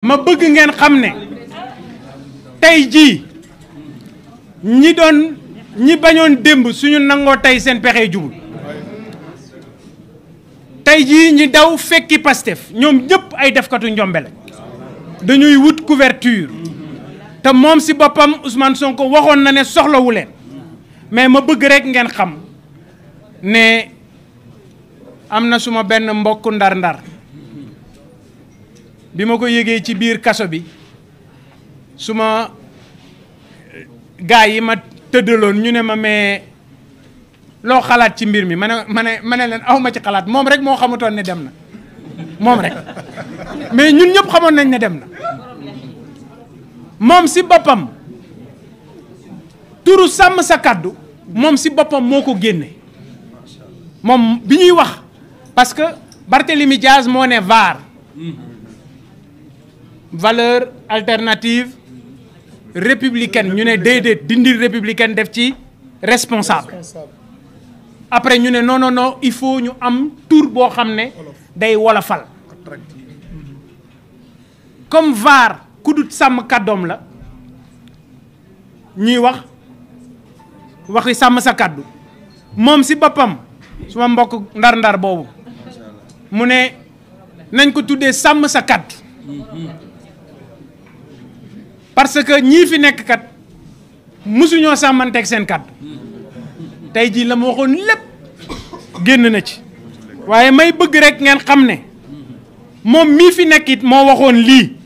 ma bëgg ngeen xam ne tey jii ñi doon ñi bañoon démb suñu nangoo tey seen pexe jubul tey jii ñi daw fekki Pastef ñoom ñëpp ay defkatu njombe dañuy wut couverture te moom si boppam Ousmane Sonko waxoon na ne soxlawu leen mais ma bëgg rek ngeen xam ne am na suma benn mbokk ndar-ndar bi ma ko yëgee ci biir kaso bi su ma gaa yi ma tëddaloon ñu ne ma mais loo xalaat ci mbir mi ma ne ma ne leen aw ma ci xalaat moom rek moo xamutoon ne dem na moom rek mais ñun ñëpp xamoon nañ ne dem na moom si boppam turu sàmm sa kàddu moom si boppam moo ko génne moom bi ñuy wax parce que Barthélemy Diaz moo ne vaar mm-hmm. valeur alternative républicaine ñu ne déedéet dindi républicain def ci responsable après ñu ne non non il faut ñu am tur boo xam ne day wolofal comme VAR ku dut sàmm kàddoom la ñuy wax waxi sàmm sa kàddu moom si boppam suma mbokk ndar-ndar boobu mu ne nañ ko tuddee sàmm sa kàddu parce que ñii fi nekk kat mësuñoo sàmmanteeg seen kàddu tey jii la ma waxoon lépp génn na ci waaye may bëgg rek ngeen xam ne moom mii fi nekk moo waxoon lii